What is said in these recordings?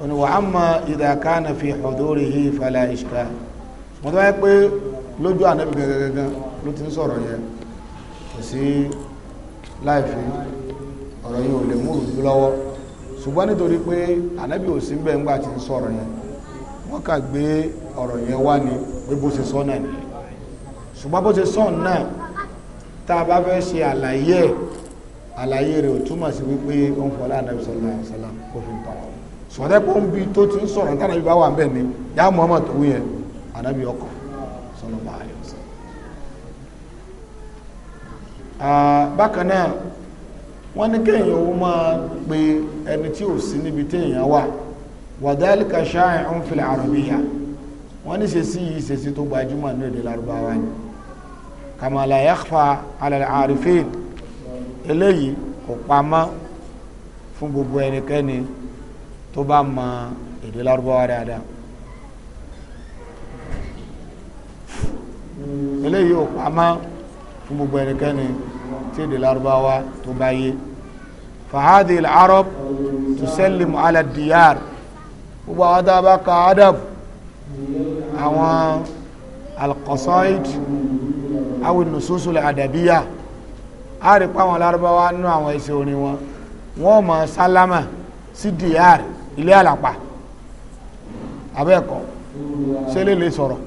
òní wà á mọ ìdàkánà fi ọ̀dọ́rì yìí falẹ̀ ìṣkà mo tó wáyé pé lójú ànábì gangan ló ti ń sọ̀rọ̀ yẹn kò sí láìfi ọ̀rọ̀ yìí ò lè mú rùdú lọ́wọ́ ṣùgbọ́n nítorí pé ànábì ò sí bẹ́ẹ̀ ńgbà tí ń sọ̀rọ̀ yẹn wọ́n kà gbé ọ̀rọ̀ yẹn wá ní pé bó ṣe sọ náà ni ṣùgbọ́n bó ṣe sọ náà tá a bá fẹ́ ṣe àlàyé àlàyé rẹ̀ ò túmọ̀ sí wípé ó ń fọlá ànábì sallallahu sọ̀rọ̀ pé ń bi tó ti ń sọ̀rọ̀ nítorí àbí bá wà bẹ́ẹ̀ ni yá Muhammad tó yẹ ànábì ọkọ̀ sọ̀rọ̀ bá a yọ sọ. bákan náà wọ́n ní kéèyàn ó máa pe ẹni tí ò sí níbi téèyàn wà wàdálìkà ṣáà ń filẹ̀ àrùbíyà wọ́n ní ṣe yìí ṣe tó gbajúmọ̀ ní èdè lárúbáwá ni kàmàlà yakhfa alẹ́ àrífẹ́ eléyìí kò pamọ́ fún gbogbo ẹnikẹ́ni tó bá mọ èdè lárúbáwá dáadáa eléyìí ò pamọ́ fún gbogbo ẹnikẹ́ni tí èdè lárúbáwá tó bá yé fahadi al-arab tusallimu ala diyar gbogbo àwọn tá a bá ka adab àwọn alqasaid àwọn nususul adabiya a rí pa lárúbáwá nínú àwọn iṣẹ́ orin wọn wọ́n mọ̀ sálámà sí diyar. Si ilé àlàpà abẹ́ẹ̀kọ́ sẹ́lẹ̀ lè sọ̀rọ̀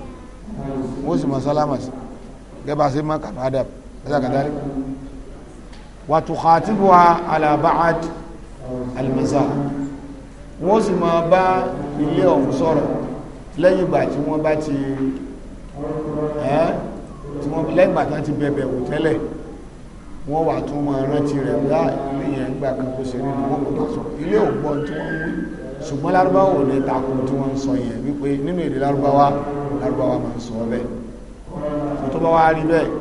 wọ́n sì mọ̀ sálámà sí gẹ́bà sí mọ́ kàfádà ẹ̀sàkàdárí wà tó kàtíbù wa alàbáàd alìmẹ́sà wọ́n sì mọ̀ bá ilé ọ̀hún sọ̀rọ̀ lẹ́yìn ìgbà tí wọ́n bá ti ẹ́ lẹ́yìn ìgbà tí wọ́n ti bẹ̀bẹ̀ wò tẹ́lẹ̀ wọ́n wà tún mọ rántí rẹ̀ ńlá ilé yẹn gbà kan kó ṣe nínú wọn kò bá sọ ilé ògbọ́n tí wọ́n ń wí ṣùgbọ́n lárúbáwò ní takun tí wọ́n ń sọ yẹn wípé nínú èdè lárúbáwá lárúbáwá máa ń sọ bẹ́ẹ̀ tó bá wá rí bẹ́ẹ̀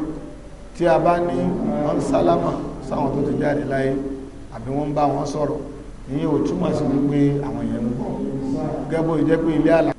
tí a bá ní wọ́n sálámà sáwọn tó ti jáde láyé àbí wọ́n ń bá wọn sọ̀rọ̀ ìyẹn ò túmọ̀ sí wípé àwọn èèyàn ń bọ̀ gẹ́gbó ìjẹ́ pé ilé àlà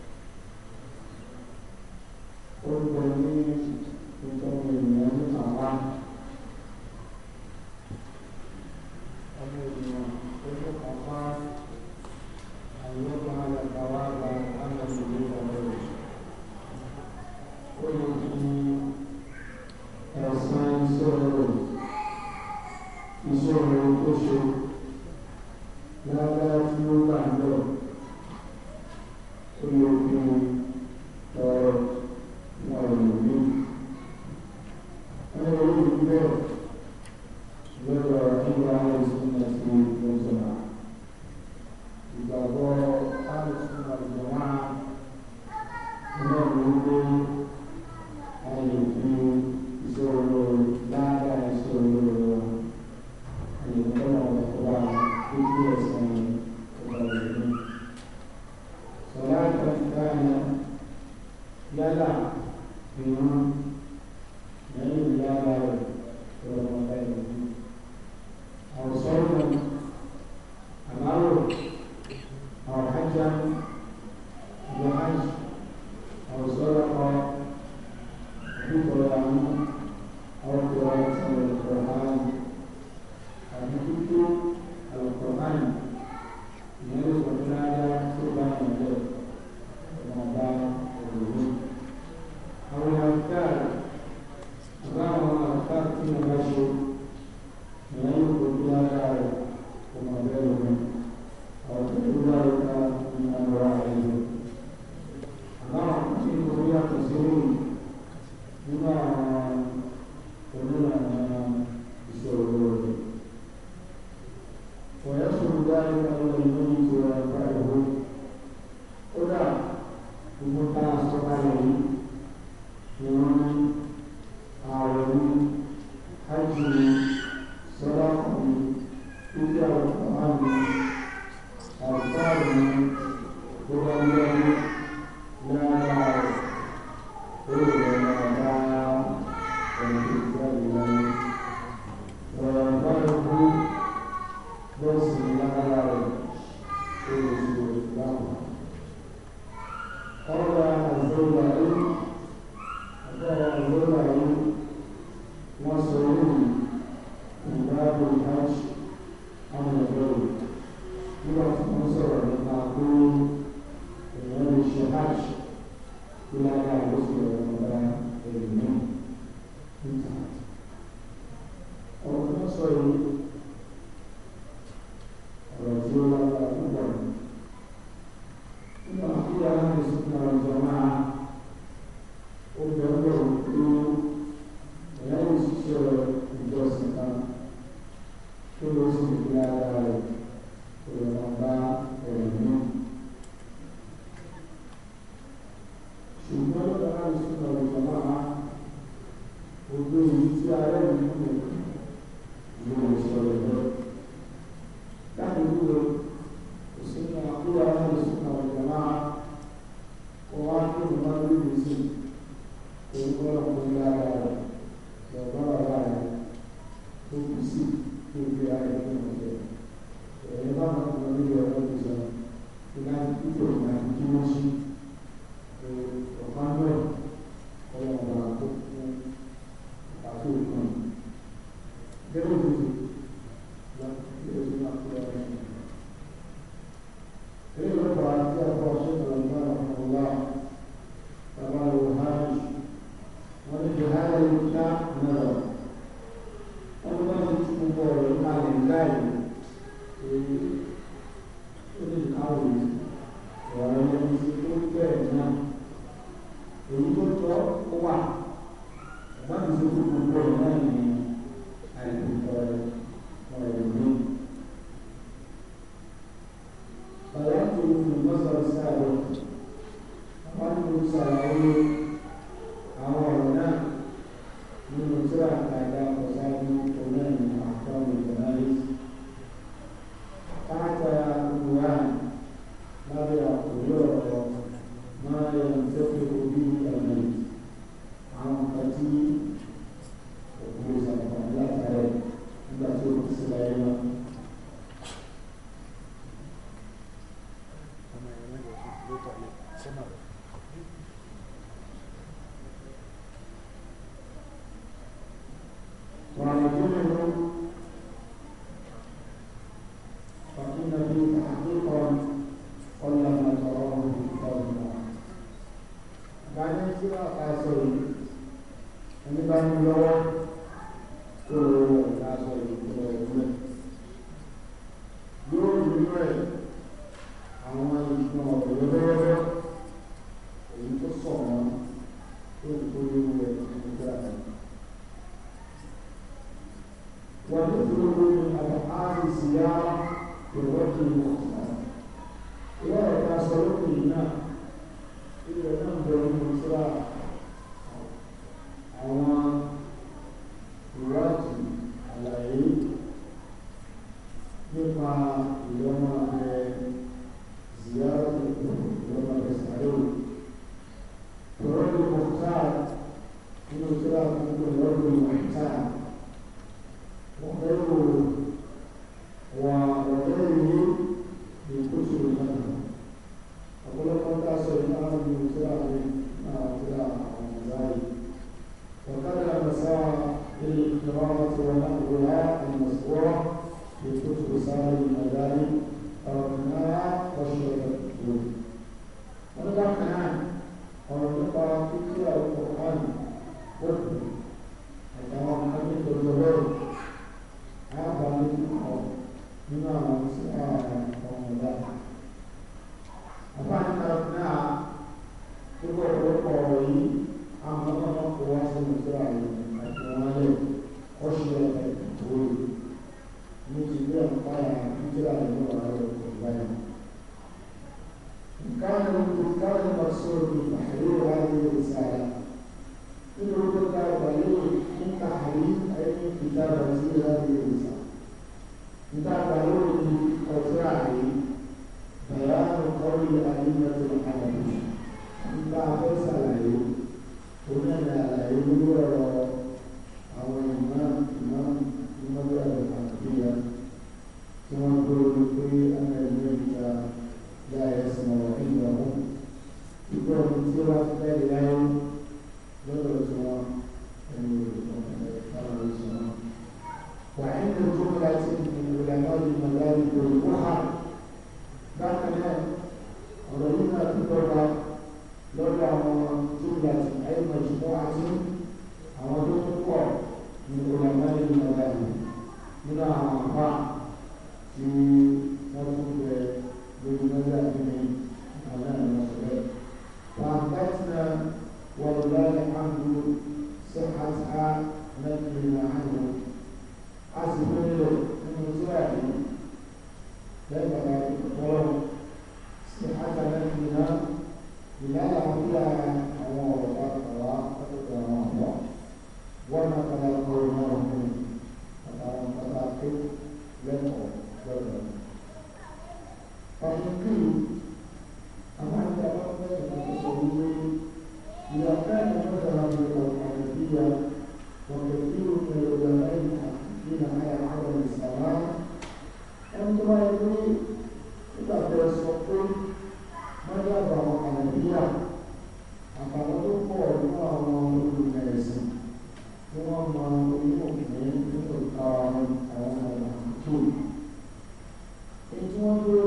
Anyone who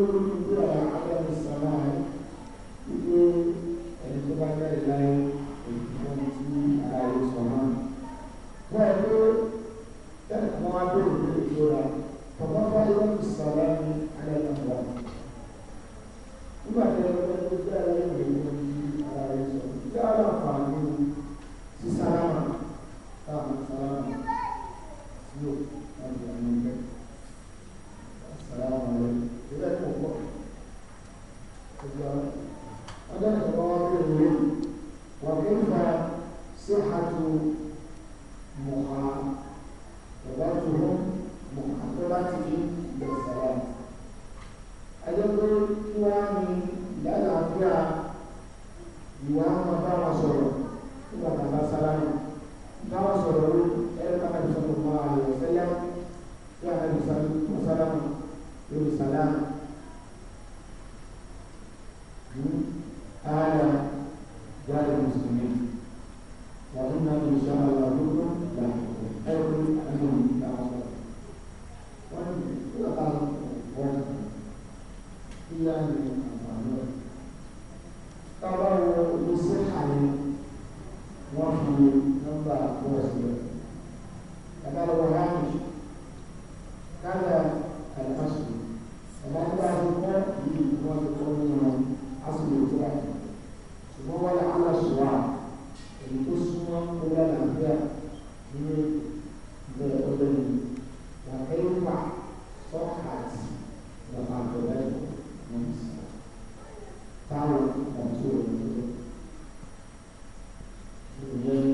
Mm-hmm.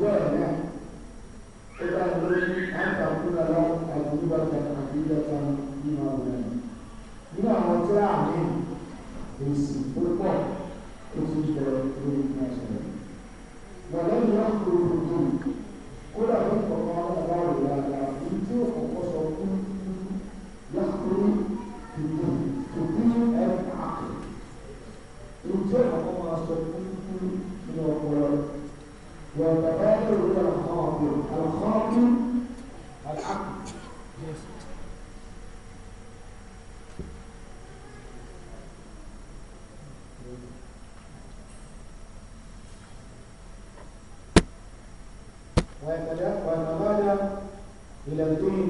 bẹ́ẹ̀ náà ó bá ń lórí àǹtàkùnlá àdúgbàtà àbíyàtà nínú àwọn ẹ̀mí nínú àwọn tí a ní èsì tó pọ̀ tó tún jẹ lórí ìpínlẹ̀ wọ̀lẹ́yìn náà kúrò tó هكذا وتمادى إلى الدين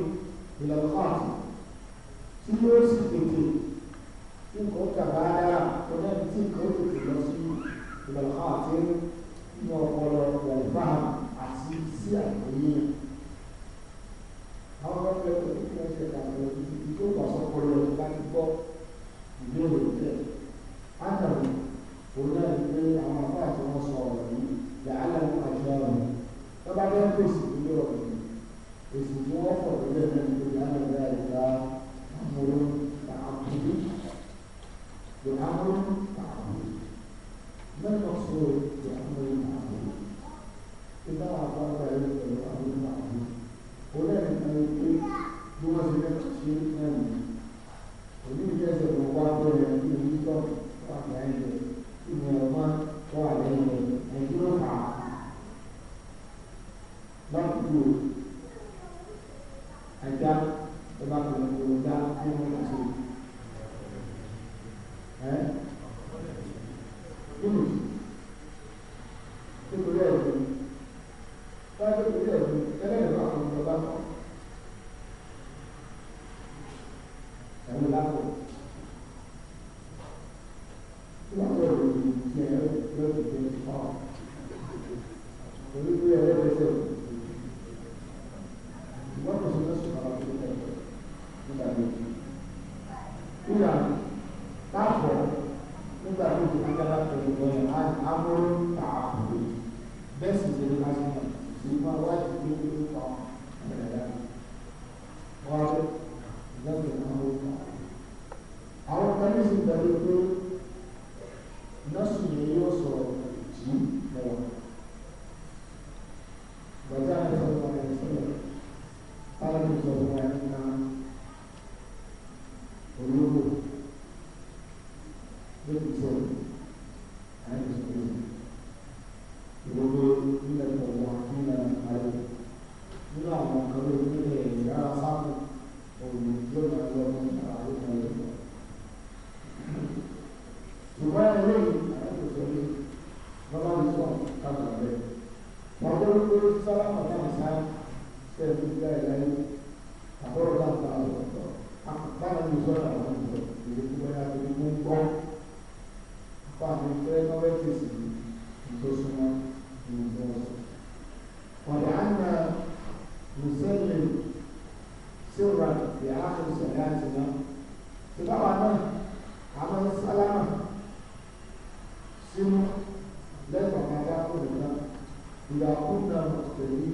ìdá kúnà mùsùlùmí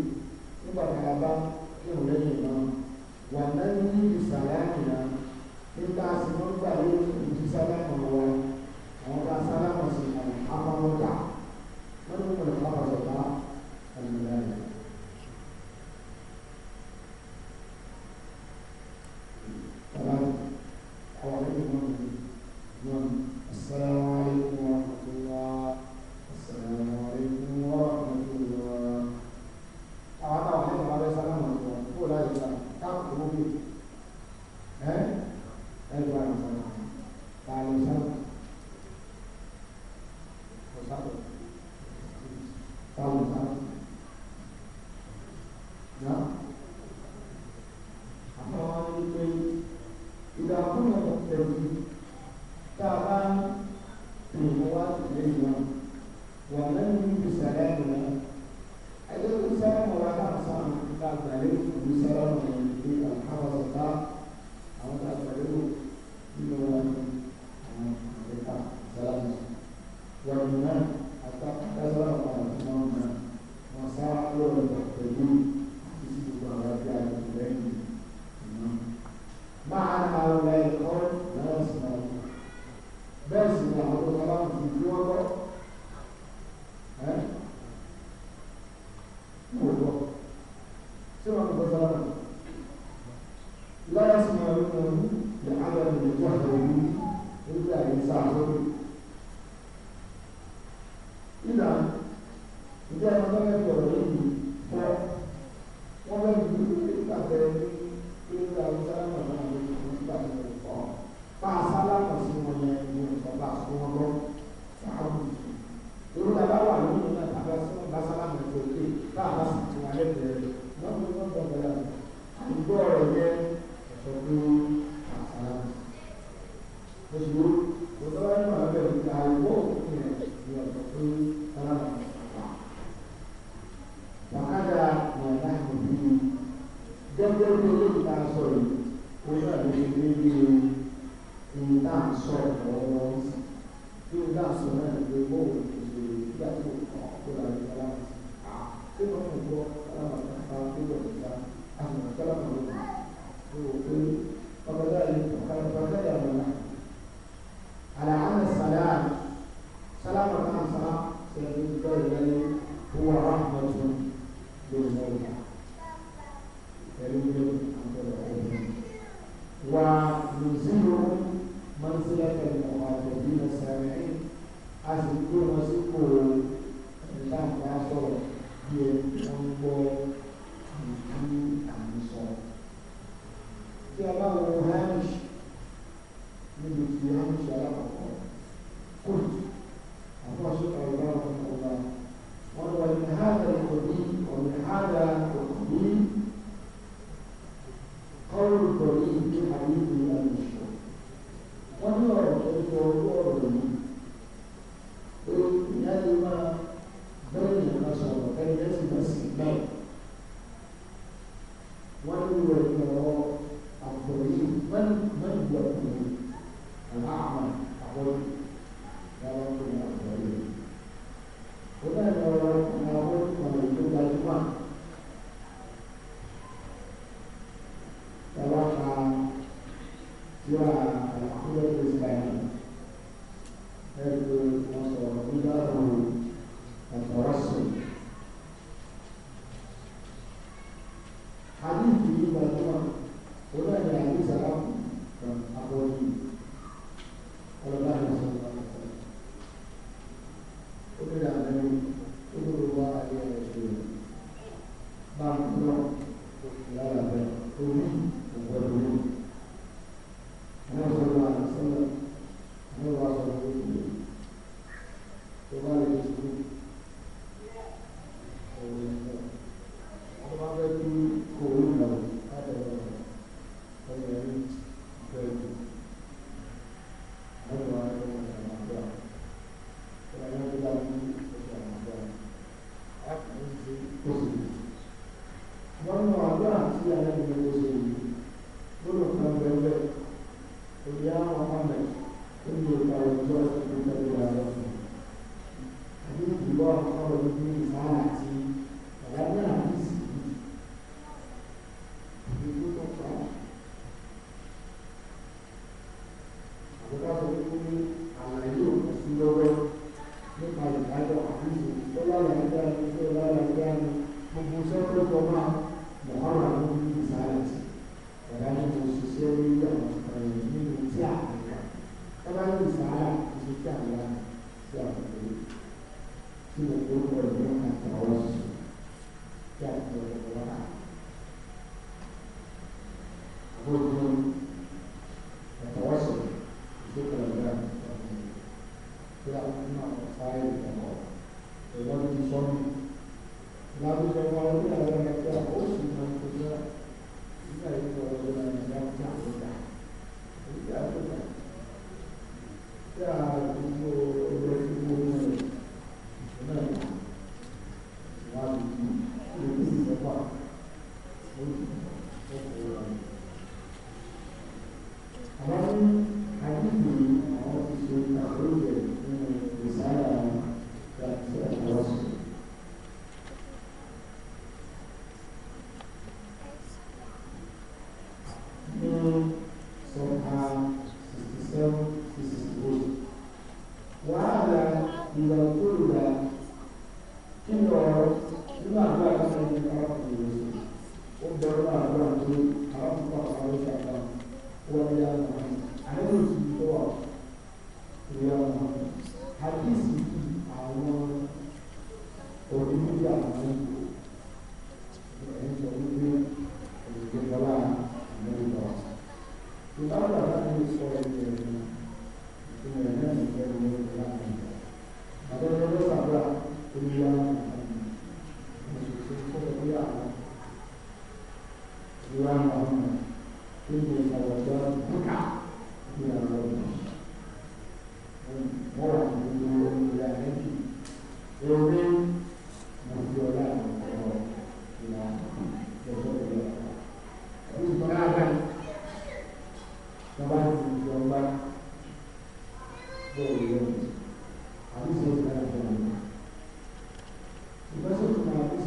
nígbà tá a bá kírun lẹ́yìn náà wà lẹ́yìn ní ìsàlámì náà nígbà tí wọ́n gbà lé ìdí sálámù wa àwọn bá sálámù sí àwọn amọ̀ọ́ta wọ́n ní mọ̀lẹ́fà ọ̀rọ̀ Yeah.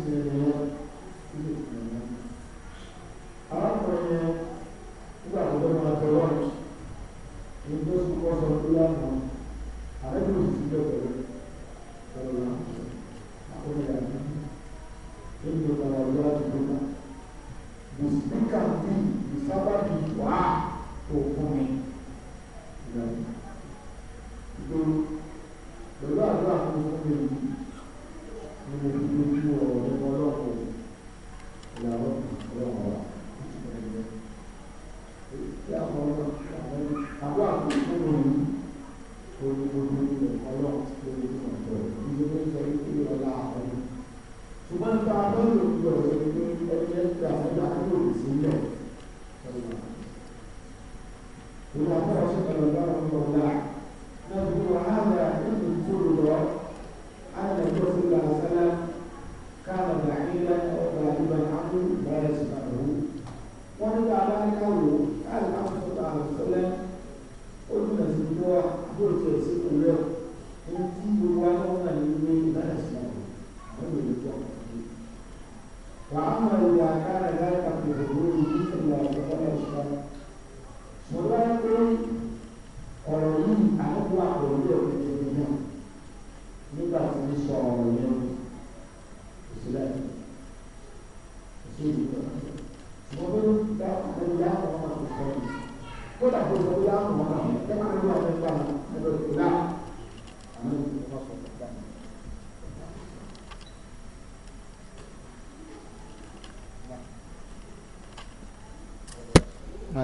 Amen.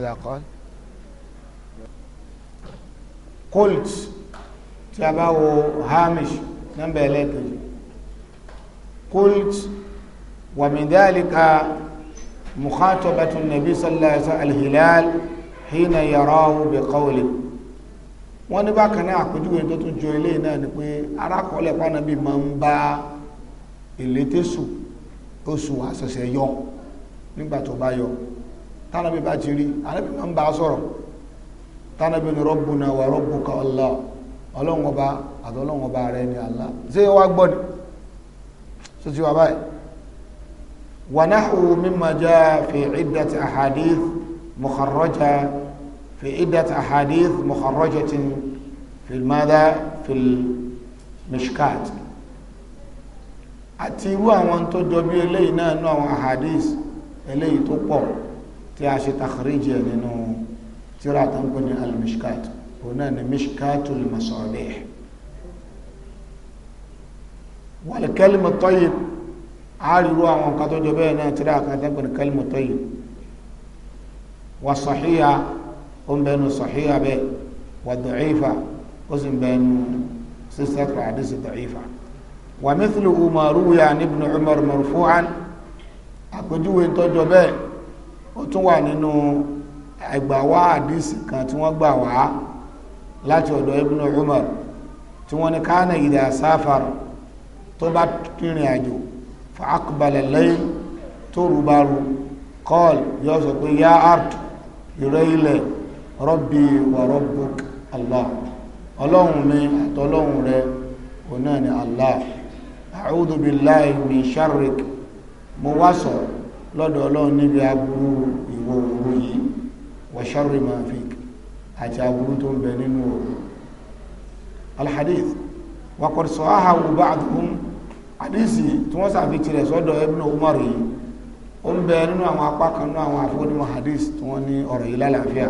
ماذا قال قلت تبعه هامش نمبر لك قلت ومن ذلك مخاطبة النبي صلى الله عليه وسلم الهلال حين يراه بقوله wọ́n ní bákan náà àpèjúwe tó tún jọ ilé náà ni pé arákọ̀ọ́lẹ̀ pánàbí máa ń bá ìlétésù oṣù àṣẹ̀ṣẹ̀ yọ nígbà tó bá yọ tánàbí bá ti rí anábì máa ń bá a sọ̀rọ̀ tánàbí ni rabbuna wa rabbuka Allah ọlọ́run ọba àti ọlọ́run ọba rẹ ni Allah ṣé wá gbọ́ ni ṣé ti wá báyìí wa nahwu mimma jaa fi iddati ahadith mukharraja fi iddati ahadith mukharrajatin fi mada fi mishkat àti irú àwọn tó jọ bí eléyìí náà nú àwọn ahadith eléyìí tó pọ̀ تياشي تخريج لأنه ترى تنقل المشكات هنا مشكات المصابيح والكلمة الطيب عالي روح من قطو جبين ترى تنقل كلمة طيب وصحية هم بين صحية به وضعيفة قسم بين سلسلة الحديث الضعيفة ومثل ما روي عن ابن عمر مرفوعا أكدوه تجبين ó tún wà nínú ẹgbà àdísì kan tí wọ́n gbà wá láti ọ̀dọ̀ Ibn Umar tí wọ́n ní kánà ìdá sáfàr tó bá rìnrìn àjò fa aqbala al tó rúbaru kọ́ọ̀l yóò sọ pé yá art ìrẹ́ ilẹ̀ rabbi wa rabbuk allah ọlọ́run mi àtọlọ́run rẹ òun ni allah a'udhu billahi min sharrik mo wá sọ̀rọ̀ lọ́dọ̀ ọlọ́run níbi aburú ìwọ òru yìí wọ̀ṣọ́rì máa fi àti aburú tó ń bẹ nínú òru alhadith wakọ̀rọ̀ sọ áhàwù bá àdúgbùn àdísì tí wọ́n sàfi tirẹ̀ sọ́dọ̀ ibn umar yìí ó ń bẹ nínú àwọn apá kan nínú àwọn afọ́nímọ̀ hadith tí wọ́n ní ọ̀rọ̀ yìí lálàáfíà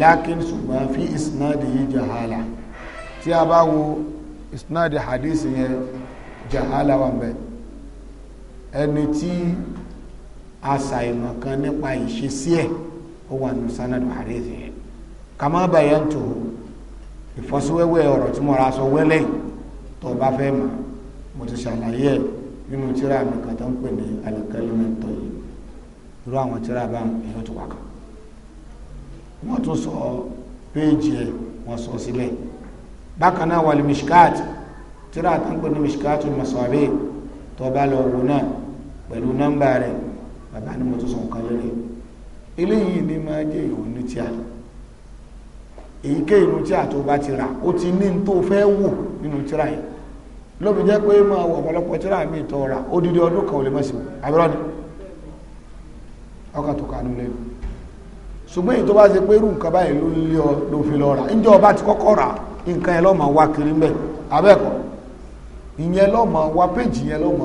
lákín ṣùgbọ́n fi isnadi yìí jahala tí a bá wo isnadi hadith yẹn jahala wà ń bẹ ẹni tí àṣàìmọ̀ kan nípa ìṣesí ẹ̀ ó wà nù sanadu hadith yẹn kàmá bayantu ìfọ́síwẹ́wẹ́ ọ̀rọ̀ tí mo ra sọ wẹ́lẹ̀ tó bá fẹ́ mọ̀ mo ti ṣàlàyé ẹ̀ nínú tíra mi kan tó ń pè ní al-kalimatu yìí irú àwọn tíra bá èèyàn ti wà kan wọ́n tún sọ péèjì ẹ̀ wọ́n sọ sílẹ̀ bákan náà wal mishkat tíra tó ń pè ní mishkatul masabi tó bá lọ wò náà pẹ̀lú nọ́mbà rẹ̀ 0244 bàbá ni mo tún sọ nǹkan lẹ́rẹ̀ eléyìí ni máa jẹ́ ìròyìn ní tíà èyíkéyìí inú tíà tó bá ti rà ó ti ní tó fẹ́ wò nínú tíra yìí lóbi jẹ́ pé máa wọ tíra mi tọ́ ra ó ọdún kan ò lè mọ̀sí ni ọkà tó lẹ́nu ṣùgbọ́n èyí tó bá ṣe pé irú nǹkan báyìí ló lé ọ ló fi lọ rà ti kọ́kọ́ rà nǹkan lọ́mọ wá kiri mbẹ́ ìyẹn lọ́mọ wá péjì yẹn lọ́mọ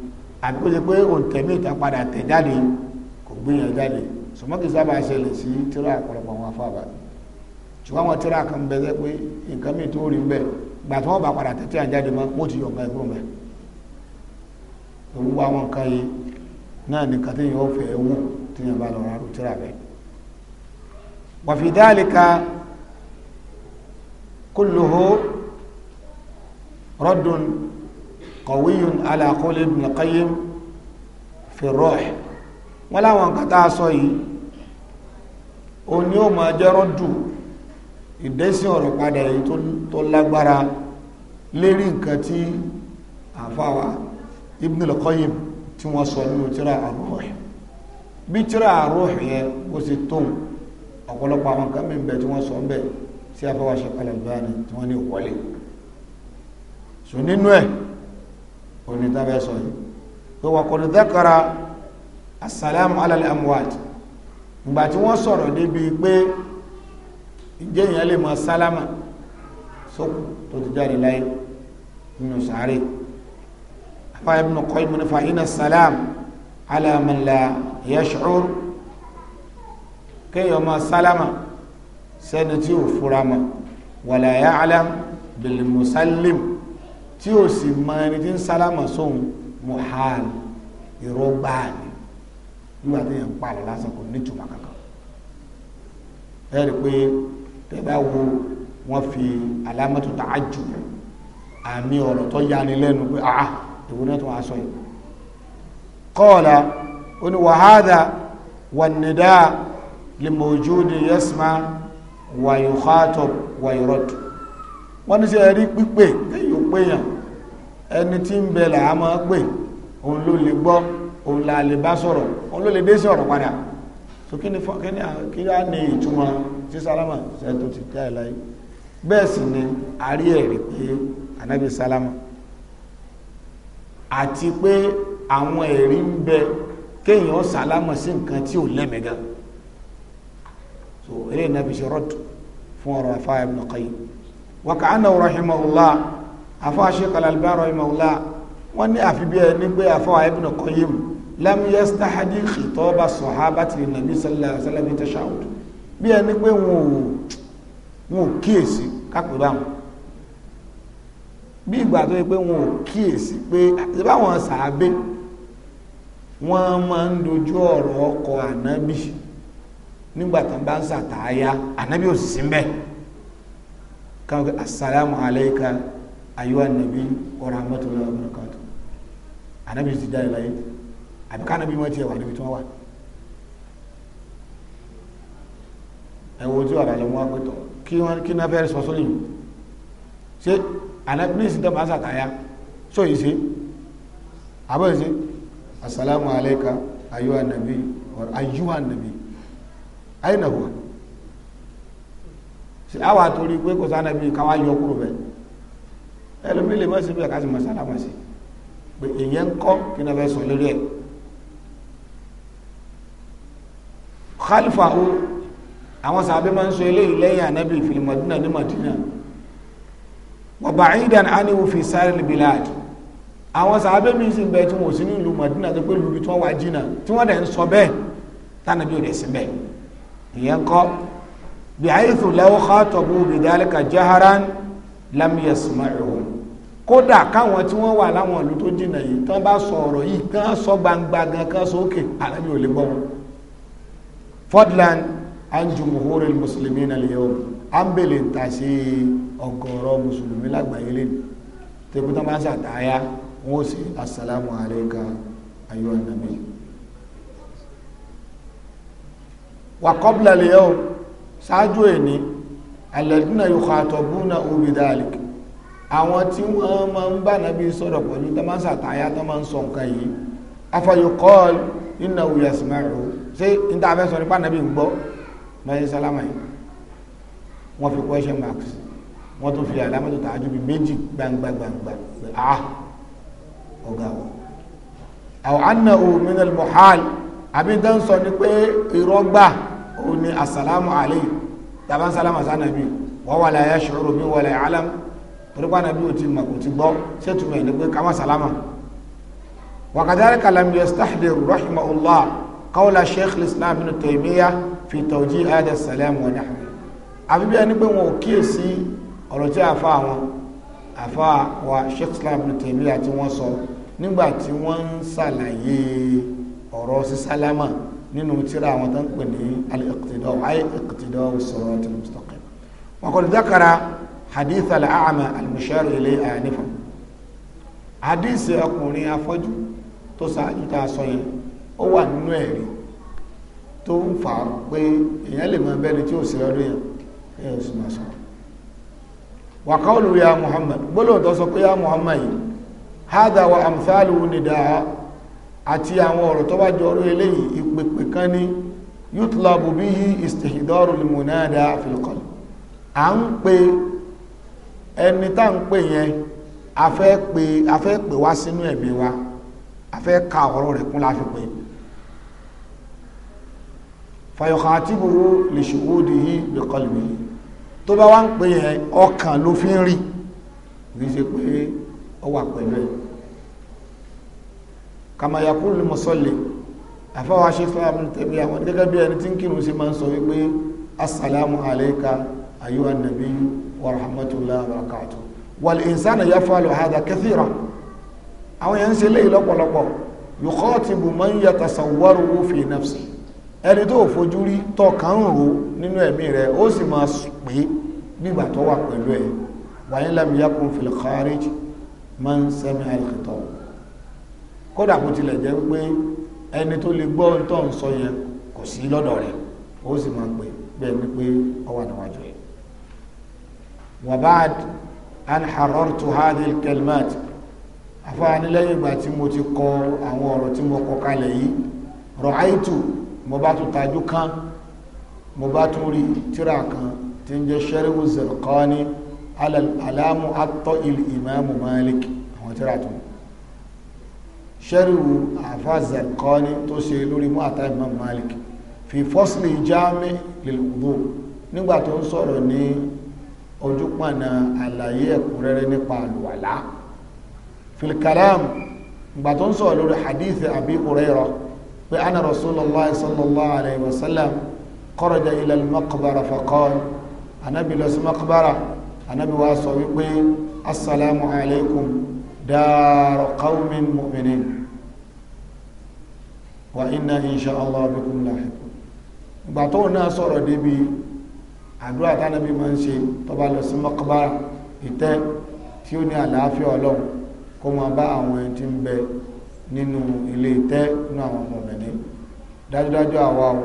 àbí kó ṣe pé òǹtẹ̀mí ìta padà tẹ̀ jáde kò gbìyàn jáde sọmọ́kì sábà ṣẹlẹ̀ sí tíra ọ̀pọ̀lọpọ̀ àwọn afábà ṣùgbọ́n àwọn tíra kan bẹ pé nǹkan mi tó rí ń bẹ gbà tí wọ́n bá padà tẹ̀ tíra jáde mọ́ wọ́n ti yọ̀ ọ̀gá ìkúrò mẹ́ gbogbo àwọn nǹkan yìí náà nìkan tí yóò fẹ́ wù tí yẹn bá lọ rárú tíra bẹ́ẹ̀ wa fi dhalika kulluhu raddun kọ̀wéyùn alákọ́lẹ̀ ibn qayyim fi ruh wọ́n láwọn nǹkan tá a sọ yìí o ní ó máa jẹ́rọ́ dù ìdẹ́sí ọ̀rọ̀ padà yìí tó lágbára lérí nǹkan tí àfáwà ibn qayyim tí wọ́n sọ nínú tíra àrùh bí tíra àrùh yẹn ó sì tóun ọ̀pọ̀lọpọ̀ àwọn nǹkan mi ń bẹ tí wọ́n sọ ń bẹ tí àfáwà ṣe kalẹ̀ báyìí tí wọ́n ní ìwọlé so nínú ẹ̀ onítàbẹ sọ yìí pé wọn kò ní dẹkara asalamu alal amwat ìgbà tí wọn sọ̀rọ̀ débi pé ìjẹyìn lè mọ sálámà sókù tó ti jáde láyé nínú sàárè afa ibn Qayyim ní fàyínà salam ala man la kéèyàn mọ sálámà sẹni tí ò fura mọ wala tí o sì mọ ẹni tí ń sálámà sóhun muhal ìró gbáàlì nígbà tí yẹn ń palẹ̀ lásán kò nítumọ̀ kankan ẹ rí i pé tẹ́lá wo wọ́n fi alámọ́tò tá a jù àmì ọ̀rọ̀ tó yani lẹ́nu pé àá ìwé náà tó wàá sọ yìí kọ́ọ̀lá ó ní wàhádà wànídà lèmọ̀júdi yẹ́sìmá wàyùkátọ̀ wàyùrọ̀tù wọ́n ní sẹ́ rí pípé péyàn ẹni tí ń bẹ làá máa pè òun ló lè gbọ́ òun so kí ni fọ́ kí ni kí á ní ìtumọ̀ sálámà ti láyé bẹ́ẹ̀ a rí ẹ̀rí pé ànábì sálámà àti pé àwọn ẹ̀rí ń bẹ kéèyàn sálámà sí nǹkan tí ò lẹ́mẹ̀gá so eré nàbì ṣe rọ́dù fún ọ̀rọ̀ afáyà àfáà Sheikh Al-Albani rahimahullah wọ́n ní àfi bí ẹni pé àfáà Ibn Qayyim lam yastahdi khitaba sahabati nabi sallallahu alaihi wasallam tashahhud bí ẹni pé wọn ò wọn ò kíyèsí kápẹ́ báwọn bí ìgbà tó yẹ pé wọn ò kíyèsí pé àti báwọn sàábé wọ́n máa ń dojú ọ̀rọ̀ ọkọ̀ ànábì nígbàtà bá ń sàtàáyá ànábì ò sì sí mbẹ̀ káwọn kí ayuwa nabi wa rahmatullahi wa barakatuh anabi ti dáre láyé àbí ká anabi wọn ti ẹwà níbi tí wọn wà ẹwọ tí wà lálẹ́ wọn wá pé tọ kí wọn kí náà fẹẹ sọ sórí yìí ṣé anabi ní ìsìndọ́ máa ṣàkáyà ṣó yìí ṣe asalaamu alayka ayuwa nabi or ayuwa nabi ayé na wà ṣe àwọn àtòrí pé kò sá anabi káwá yọ kúrò bẹ́ẹ̀ ẹlòmí lè mọ́sí bí àkásí mọ́sálà mọ́sí pé èyàn ń kọ́ kí náà fẹ́ sọ lórí ẹ̀ khalifahu àwọn sàbẹ́ máa ń sọ eléyìí lẹ́yìn ànábì fil Madina ní Madina wa ba'idan anhu fi sáré bilad àwọn sàbẹ́ mi sì bẹ́ẹ̀ tí wọ́n sí nílùú Madina tó pé lùbí tí wọ́n wá jìnnà tí wọ́n dẹ̀ ń sọ bẹ́ẹ̀ tánàbí ò dẹ̀ sí bẹ́ẹ̀ ìyẹn kọ́ bí àyètò law khatabu bidhalika jaharan lam kódà káwọn tí wọ́n wà láwọn ìlú tó jìnà yìí tán bá sọ ọ̀rọ̀ yìí kán sọ gbangba gan kán sókè àlàbí ò lè gbọ́ wọn fordland anjumuhuri musulmi na liyom ambele ta ṣe ọ̀gọ̀rọ̀ musulmi lágbàáyé lẹ́nu tẹ́kù tán bá ṣàtàyà wọ́n ó sì assalamu alaika ayọ́ nàbí wà kọ́bùlà liyom ṣáájú ẹni alẹ́dúnà yóò kọ́ àtọ̀bùnà obìdálìkì àwọn tí wọ́n máa ń bá nàbí sọ̀rọ̀ pẹ̀lú tọ́másà táyà tó máa ń sọ nǹkan yìí afọyọkọ́ọ̀l nínú òye àsìmẹ́rù ṣé n ta fẹ́ sọ nípa nàbí ń báyìí sálámà yìí wọ́n fi question marks wọ́n tún fi àlámọ́tò tààjú bíi méjì gbangba gbangba ah ọ̀gá wọ̀ àwọn anna ominal muhal àbí dán sọ ni pé ìrọ́gbà òun ni asàlámù alayhi tàbá sálámà sánàbí wọ́n wà láyé ṣòro mi wà láyé alámù torípa nàbí ò ti mọ̀ kò ti gbọ́ ṣètùmọ̀ ẹ̀ ní pé kama salama wakadari kalam yastahdir rahimahullah kawla sheikh islam ibn taymiya fi tawji ayat salam wa nahwi àbíbí ẹni pé wọn ò kíyèsí ọ̀rọ̀ tí àfa wọn àfa wa sheikh islam ibn taymiya tí wọ́n sọ nígbà tí wọ́n ń ṣàlàyé ọ̀rọ̀ sí sálámà nínú tíra àwọn tó ń pè ní al-iqtida ay iqtida mustaqim wa hadith al-a'ma al-mushar ilayhi ànífà hadith ọkùnrin afọ́jú tó ṣáájú tá a sọ yẹn ó wà nínú ẹ̀rí tó ń fà á pé èèyàn lè mọ bẹ́ni tí ò sí lọ́dún yẹn èèyàn ò sì máa sọ wa qawlu ya Muhammad gbólóhùn tó sọ pé ya Muhammad yìí hádà wa amthaluhu nidaa àti àwọn ọ̀rọ̀ tó bá jọrú eléyìí ìpèpè kan ní yutlabu bihi istihdaru limunada fil qalb à pe ẹni tá ń pè yẹn a fẹ́ pè a fẹ́ pè wá sínú ẹ̀mí wa a fẹ́ ka ọ̀rọ̀ rẹ̀ kún la fi pè fàyọkàn àti burú lè ṣòwò di yí bẹ̀kọ́lù yìí tó bá wá ń pè yẹn ọkàn ló fi ń rí kì í ṣe pé ó wà pẹ̀lú ẹ̀ kàmáyàkúrò lè mọ̀ sọ́lẹ̀ àfáwà ṣe fáwọn tẹ̀lé àwọn gẹ́gẹ́ bí ẹni tí ń kírun sí máa ń sọ wípé assalamu alayka ayyuhan nabiyyu warahmatullahi wabarakatuh wal insana yafalu hadha kathira àwọn yẹn ń ṣe léyìí lọ́pọ̀lọpọ̀ yukhatibu man yatasawwaru fi nafsi ẹni tó fojú rí tọkàn ń ro nínú ẹ̀mí rẹ̀ ó sì máa pé nígbà tó wà pẹ̀lú ẹ̀ wàyín lam yakun fil kharij man sami'a al-khitab kódà kò tilẹ̀ jẹ́ pé ẹni tó lè gbọ́ tó ń yẹn kò sí lọ́dọ̀ rẹ̀ ó sì máa pè bẹ́ẹ̀ ni pé ó wà وبعد أن حررت هذه الكلمات àfáàní lẹ́yìn ìgbà tí mo ti kọ àwọn ọ̀rọ̀ tí mo kọ kalẹ̀ yìí rọ̀háìtù mo bá tún tajú kán mo bá tún rí tíra kan tí ń jẹ́ sẹ́ríwù zirkani alámù atọ́ ilẹ̀ ìmáàmù malik àwọn tíra tún sẹ́ríwù àfá zirkani tó ṣe lórí mú àtà ìmáàmù malik fi fọ́sílì jámi lè wúdó nígbà tó ń sọ̀rọ̀ ní ojú pọ̀nà àlàyé ẹ̀kúnrẹ́rẹ́ nípa àlùwàlá fil kalam ìgbà tó ń sọ̀rọ̀ lórí hadith Abi Hurairah pé anna Rasulullah sallallahu alayhi wa sallam kharaja ila al-maqbara faqala anabi lọ sí maqbara anabi wa sọ wípé assalamu alaykum daru qawmin mu'minin wa inna insha bikum lahiqun ìgbà tó náà sọ̀rọ̀ débi àdúrà tánàbí máa ń ṣe tó bá lọ sí mọ́kàbára ìtẹ́ tí ó ní àlàáfíà ọlọ́run kó máa bá àwọn ẹni tí ń bẹ nínú ilé ìtẹ́ nínú àwọn ọmọ ọ̀bẹ̀ni dájúdájú àwa o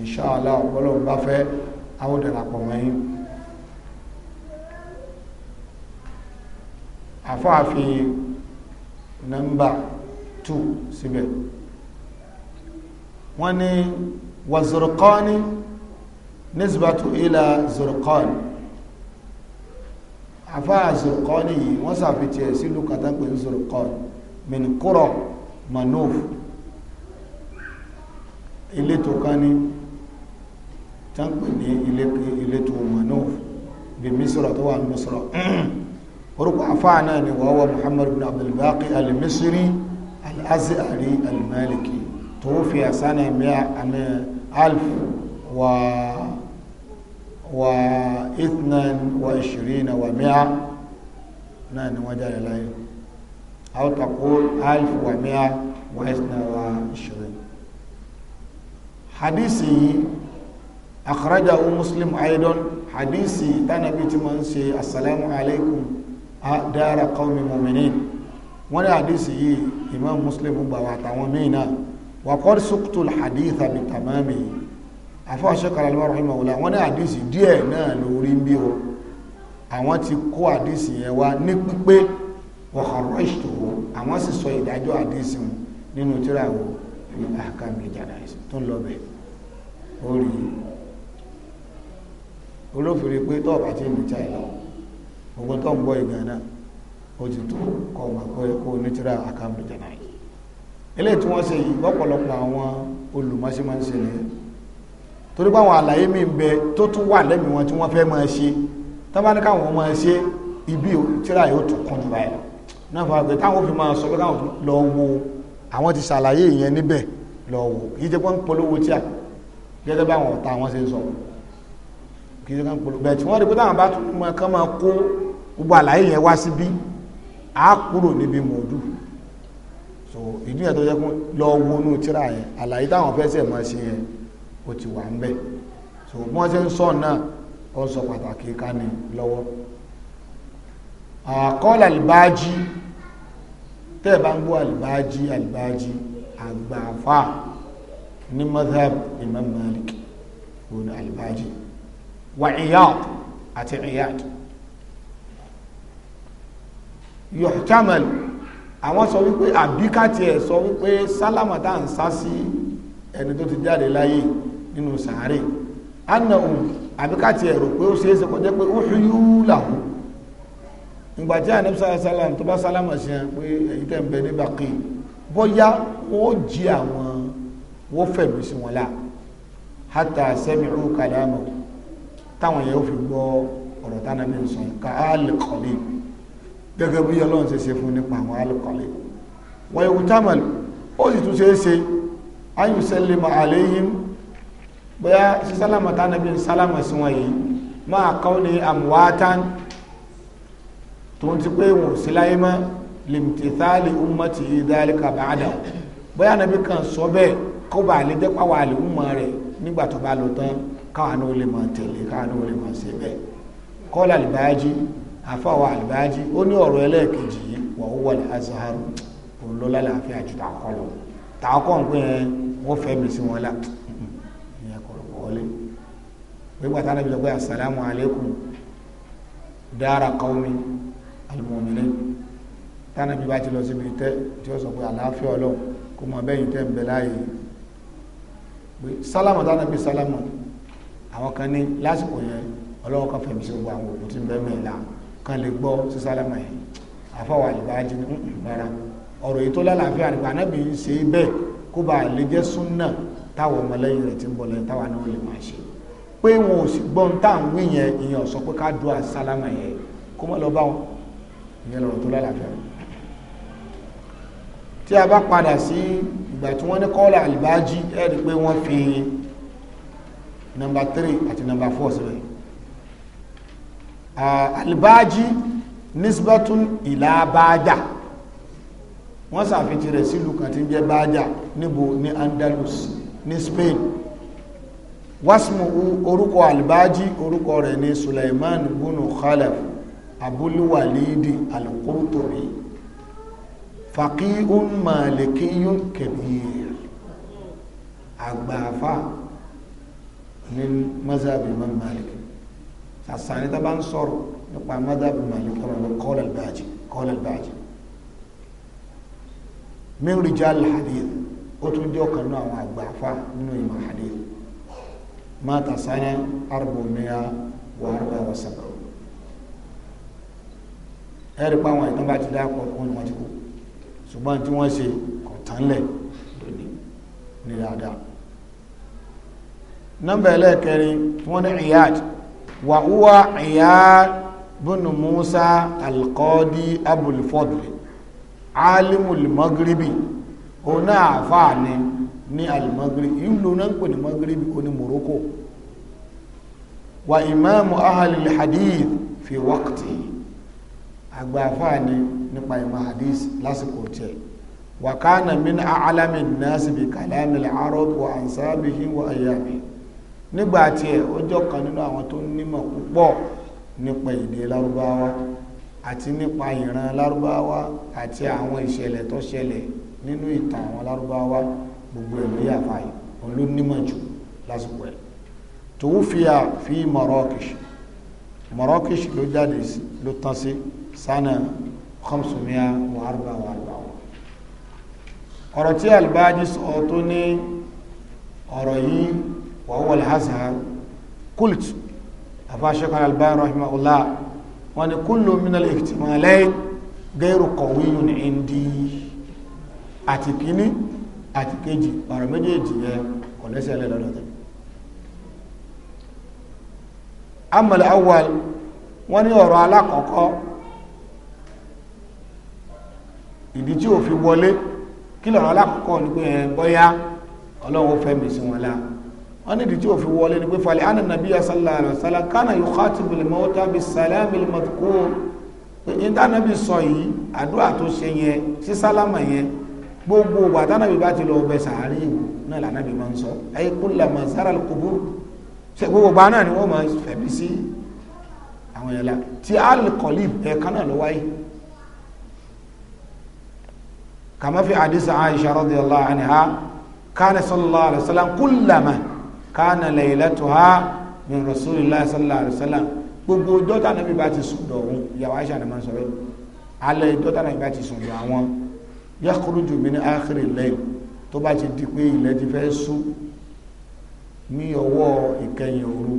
insha Allah ọ̀pọ̀lọ́run bá fẹ́ àwọn mẹ́yìn àfáàfi nọ́mbà 2 síbẹ̀ wọ́n ní wazirqani nisbatu ila zurqan afáà zurqan yìí wọ́n sàfihàn ẹ̀ sílùú kàtàkùn zurqan min kúrọ̀ manuf ìletò kan ní tánkù ní ìletò manuf bí misra tó wà misra orúkọ afáà náà ni wọ́n wọ́n muhammad bin abdulbaqi al-misri al-azhari al-maliki tó fi àsánà mẹ́ alf wa واثنان وعشرين ومئة نان وجل لي أو تقول ألف ومئة واثنان وعشرين حديثي أخرجه مسلم أيضا حديثي تنبي تمنسي السلام عليكم دار قوم مؤمنين wọ́n ní àdísì yìí imam muslim gbà wà àtàwọn mìíràn wà kọ́ sùkútù bi tamami àfọ́ṣẹ́ kalalima rahimahullah wọ́n ní àdìsí díẹ̀ náà lórí ń bí o àwọn ti kó àdìsí yẹn wá ní pípé wọ̀họ̀rọ̀ ìṣòro àwọn sì sọ ìdájọ́ àdìsí wọn nínú tíra wo fi àkàmì ìjàdá tó ń lọ bẹ̀ ó rí olófèrè pé tó ọ̀bà tí ìmìtà ẹ̀ lọ gbogbo tó ń gbọ́ ìgbàna ó ti tó kọ́ ọmọ kó ẹ̀kọ́ onítìrá àkàmì ìjàdá yìí eléyìí tí wọ́n ṣe yìí ọ̀pọ̀lọpọ̀ àwọn olùmọ́sí nìyẹn torí pé àwọn àlàyé mi bẹ tó tún wà lẹ́mìí wọn tí wọ́n fẹ́ máa ṣe tábà ní káwọn máa ṣe ibi tíra yóò tún kún jù báyìí náà fà pé táwọn fi máa sọ pé káwọn lọ wo àwọn ti ṣàlàyé ìyẹn níbẹ̀ lọ wo kì í ṣe pé ń polówó tíà gẹ́gẹ́ bá àwọn ọ̀tá wọn ṣe ń sọ kì í ṣe pé ń polówó bẹ́ẹ̀ tí wọ́n rí pé táwọn bá tún mọ kán máa kó gbogbo àlàyé yẹn wá síbí á kúrò níbi mòdù so ìdí yẹn tó jẹ́ pé lọ wo inú tíra yẹn àlàyé táwọn fẹ́ sẹ̀ máa ṣe yẹn ó ti wà ń bẹ̀ so bí wọ́n ṣe ń sọ náà ó sọ pàtàkì ká ní lọ́wọ́ àkọọ́lẹ̀ àlìbájí tẹ́ ẹ̀ bá ń gbọ́ àlìbájí àlìbájí àgbààfà ní madhab imam malik òun àlìbájí wà iyad àti iyad yọ̀tàmẹ̀lì àwọn sọ wípé àbíkàtì ẹ̀ sọ wípé sálámà tá à ń sá sí ẹni tó ti jáde láyé nínú sàárè anahun àbíkàtì ẹ̀rọ pé ó ṣeéṣe kọjá pé ó fi yúú làwọn ìgbà tí ànábì sàlám tó bá sálámà sí ẹ pé èyí tẹ̀ ń bẹ ní bàkì bóyá wọ́n jí àwọn wọ́n fẹ̀mí sí wọn lá hátà sẹ́mìíràn kàlámù táwọn yẹn ó fi gbọ́ ọ̀rọ̀ tánàbí ń sọ ká alìkọ̀lẹ̀ gẹ́gẹ́ bí ọlọ́run ṣe ṣe fún nípa àwọn alìkọ̀lẹ̀ wọ́n yóò támàlù ó sì tún ṣe é ṣe ayùsẹ́lẹ̀ bóyá sísálàmù tánàbí sálàmù sí wọn yìí máa kọ́ ní àmúwátán tó ń ti pé wọn ò sí láyé mọ́ limtithali ummati dhalika ba'da bóyá nàbí kan sọ bẹ́ẹ̀ kó bá lè jẹ́ pàwọ́ àlè umma rẹ̀ nígbà tó bá lò tán káwọn náà lè máa tẹ̀lé káwọn náà lè máa ṣe bẹ́ẹ̀ kọ́lá àlìbáyájí àfàwọ̀ àlìbáyájí ó ní ọ̀rọ̀ ẹlẹ́ẹ̀kejì yìí wà ó wọlé azaharu òun ló lálàáfíà ju tàkọ́ lọ tàkọ́ ń pè é wọ́n fẹ́ mi sí wọn láti wọlé wípé àtàlà bìlọ pé assalamu alaikum dára kọ́mi alùmọ̀mìnrin tánà bí bá ti lọ síbi tẹ́ tí ó sọ pé àlàáfíà ọlọ́run kó mọ bẹ́yìn tẹ́ ń bẹ láàyè sálámù tánà bí sálámù àwọn kan ní lásìkò yẹn ọlọ́run kan fẹ̀mí sí gbogbo àwọn òkú tí ń bẹ́ mẹ́la kan lè gbọ́ sí sálámù yẹn àfọwà ìbájú rárá ọ̀rọ̀ èyí tó lálàáfíà nípa anábì ń ṣe bẹ́ẹ̀ kó bàa lè jẹ́ súnnà táwọn ọmọlẹ́yìn rẹ̀ ti ń bọ̀ lẹ́yìn táwa náà lè máa ṣe pé wọn ò sì gbọ́n táwọn wí yẹn ìyẹn sọ pé ká dúà sálámà yẹn kó mọ́ lọ bá wọn ìyẹn lọ́rọ̀ tó lálàáfíà tí a bá padà sí ìgbà tí wọ́n ní kọ́lá àlìbájí ẹ̀ rí pé wọ́n fi nọmba 3 àti nọmba 4 sílẹ̀ àlìbájí nisbatun ìlà bájá wọ́n sàfitì rẹ̀ sílùú kan tí ń jẹ́ bájá níbo ní Andalus ní Spain wasmu orúkọ albaji orúkọ rẹ̀ ní Suleiman bunu Khalaf abúlúwàlídì alqurtubi faqihun malikiyun kabir àgbàfà ní mazhab Imam Malik sàṣàní tó bá ń sọ̀rọ̀ nípa mazhab Malik ọ̀rọ̀ kọ́lẹ̀ albaji kọ́lẹ̀ albaji min rijal hadith ó tún jẹ́ ọ̀kan náà àwọn àgbà afá nínú ìmọ̀ hadith mata sana arbomia wa arba wa saba ẹ̀rí pa àwọn ìtàn bá ti dápọ̀ wọn ni wọ́n ti kú ṣùgbọ́n tí wọ́n ṣe kọ̀tánlẹ̀ lónìí ní dáadáa nọ́mbà ẹlẹ́ẹ̀kẹrin wọ́n ní iyad wà wúwa iyad bínú musa alkọ́dí abulfọ́dùlẹ̀ alimul magribi òun náà àfáà ni ní al-Maghrib ìlú náà ń pè ní Maghrib ó ní Morocco wa imamu ahalil hadith fi waqti àgbà àfáà ni nípa ìmọ̀ hadith lásìkò tiẹ̀ wa kana min a'lamin nas bi kalamil arab wa ansabihi wa ayami nígbà tiẹ̀ ó jọ kan nínú àwọn tó nímọ̀ púpọ̀ nípa èdè lárúbáwá àti nípa ìran lárúbáwá àti àwọn ìṣẹ̀lẹ̀ tó ṣẹlẹ̀ nínú ìtàn àwọn lárúbáwá gbogbo ẹ̀ ló yàfa yìí òun ló nímọ̀ jù lásìkò ẹ̀ tuwufiya fi Marrakesh Marrakesh ló jáde ló tán sí sánà khamsumiya wa arba wa arba ọ̀rọ̀ tí Albani sọ tó ní ọ̀rọ̀ yìí wà wọ́n lásán kult afáṣẹ́kọ̀ Albani rahimahullah wọn ni kullu min al-ihtimalayn gairu qawiyun indi àti kíní àti kejì ọ̀rọ̀ méjèèjì yẹn kò lẹ́sẹ̀ lẹ́ lọ́dọ̀ tẹ̀. amal awal wọ́n ní ọ̀rọ̀ alákọ̀ọ́kọ́ ìdí tí ò fi wọlé kí lọ̀rọ̀ alákọ̀ọ́kọ́ ní pé bọ́yá ọlọ́run fẹ́ mi sí wọn lá wọ́n ní ìdí tí ò fi wọlé ní pé falẹ̀ anna nabiyya sallallahu alaihi wasallam kana yukhatibu al-mawta bis-salami al-madhkur pé ní tánàbí sọ yìí àdúrà tó ṣe yẹn sí sálámà yẹn gbogbo ìgbà tánàbí bá ti lọ ọbẹ̀ sàárè wò náà lànàbí máa ń sọ ayé kúlẹ̀ máa sára kubur ṣe gbogbo ìgbà náà ni wọ́n máa fẹ̀mí sí àwọn yẹlá tí alikọ̀lì ẹ̀ẹ̀kan náà ló wáyé kàmáfi àdísà Aisha radiyallahu anha kánà sallallahu alayhi wa sallam kúlẹ̀mà kánà laylatuha min rasulillah sallallahu alayhi wa sallam gbogbo ọjọ́ tánàbí bá ti sùn dọ̀rùn ìyàwó Aisha ni máa sọ bẹ́ẹ̀ alẹ́ ọjọ́ tánàbí bá ti sùn dọ̀ àwọn yakuruju mi ní ákìrì lẹ́yìn tó bá ti di pé ilẹ̀ ti fẹ́ sú ní ọwọ́ ìkẹyìn òru